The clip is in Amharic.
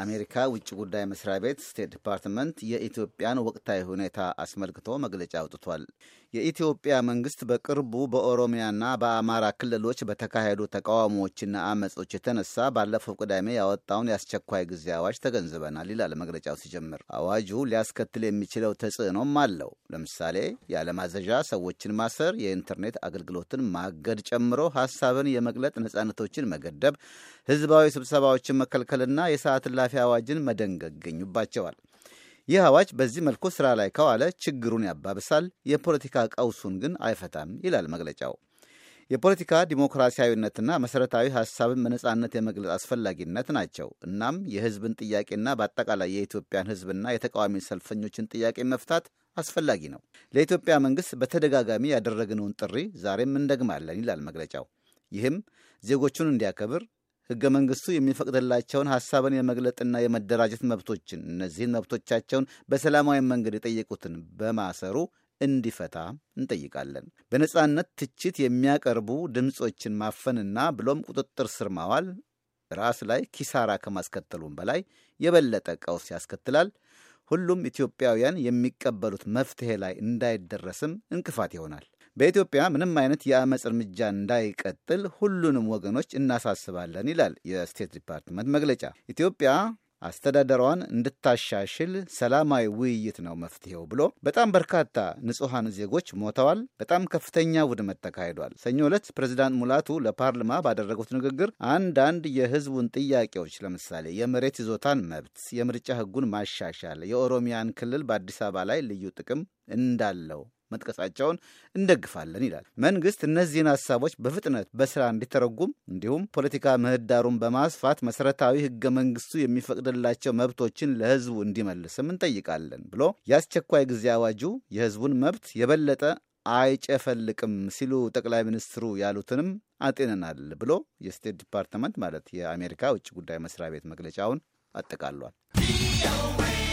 የአሜሪካ ውጭ ጉዳይ መስሪያ ቤት ስቴት ዲፓርትመንት የኢትዮጵያን ወቅታዊ ሁኔታ አስመልክቶ መግለጫ አውጥቷል። የኢትዮጵያ መንግስት በቅርቡ በኦሮሚያና በአማራ ክልሎች በተካሄዱ ተቃውሞዎችና አመጾች የተነሳ ባለፈው ቅዳሜ ያወጣውን የአስቸኳይ ጊዜ አዋጅ ተገንዝበናል ይላል መግለጫው ሲጀምር። አዋጁ ሊያስከትል የሚችለው ተጽዕኖም አለው። ለምሳሌ ያለማዘዣ ሰዎችን ማሰር፣ የኢንተርኔት አገልግሎትን ማገድ ጨምሮ ሀሳብን የመግለጥ ነጻነቶችን መገደብ ህዝባዊ ስብሰባዎችን መከልከልና የሰዓት እላፊ አዋጅን መደንገግ ይገኙባቸዋል። ይህ አዋጅ በዚህ መልኩ ስራ ላይ ከዋለ ችግሩን ያባብሳል፣ የፖለቲካ ቀውሱን ግን አይፈታም ይላል መግለጫው። የፖለቲካ ዲሞክራሲያዊነትና መሠረታዊ ሐሳብን በነጻነት የመግለጽ አስፈላጊነት ናቸው። እናም የህዝብን ጥያቄና በአጠቃላይ የኢትዮጵያን ህዝብና የተቃዋሚ ሰልፈኞችን ጥያቄ መፍታት አስፈላጊ ነው። ለኢትዮጵያ መንግሥት በተደጋጋሚ ያደረግነውን ጥሪ ዛሬም እንደግማለን ይላል መግለጫው። ይህም ዜጎቹን እንዲያከብር ህገ መንግስቱ የሚፈቅድላቸውን ሀሳብን የመግለጥና የመደራጀት መብቶችን እነዚህን መብቶቻቸውን በሰላማዊ መንገድ የጠየቁትን በማሰሩ እንዲፈታ እንጠይቃለን። በነጻነት ትችት የሚያቀርቡ ድምፆችን ማፈንና ብሎም ቁጥጥር ስር ማዋል ራስ ላይ ኪሳራ ከማስከተሉም በላይ የበለጠ ቀውስ ያስከትላል። ሁሉም ኢትዮጵያውያን የሚቀበሉት መፍትሄ ላይ እንዳይደረስም እንቅፋት ይሆናል። በኢትዮጵያ ምንም አይነት የአመፅ እርምጃ እንዳይቀጥል ሁሉንም ወገኖች እናሳስባለን ይላል የስቴት ዲፓርትመንት መግለጫ። ኢትዮጵያ አስተዳደሯን እንድታሻሽል ሰላማዊ ውይይት ነው መፍትሄው ብሎ በጣም በርካታ ንጹሐን ዜጎች ሞተዋል። በጣም ከፍተኛ ውድመት ተካሂዷል። ሰኞ ዕለት ፕሬዚዳንት ሙላቱ ለፓርላማ ባደረጉት ንግግር አንዳንድ የሕዝቡን ጥያቄዎች ለምሳሌ የመሬት ይዞታን መብት፣ የምርጫ ሕጉን ማሻሻል፣ የኦሮሚያን ክልል በአዲስ አበባ ላይ ልዩ ጥቅም እንዳለው መጥቀሳቸውን እንደግፋለን ይላል። መንግስት እነዚህን ሀሳቦች በፍጥነት በስራ እንዲተረጉም እንዲሁም ፖለቲካ ምህዳሩን በማስፋት መሰረታዊ ህገ መንግስቱ የሚፈቅድላቸው መብቶችን ለህዝቡ እንዲመልስም እንጠይቃለን ብሎ የአስቸኳይ ጊዜ አዋጁ የህዝቡን መብት የበለጠ አይጨፈልቅም ሲሉ ጠቅላይ ሚኒስትሩ ያሉትንም አጤነናል ብሎ የስቴት ዲፓርትመንት ማለት የአሜሪካ ውጭ ጉዳይ መስሪያ ቤት መግለጫውን አጠቃሏል።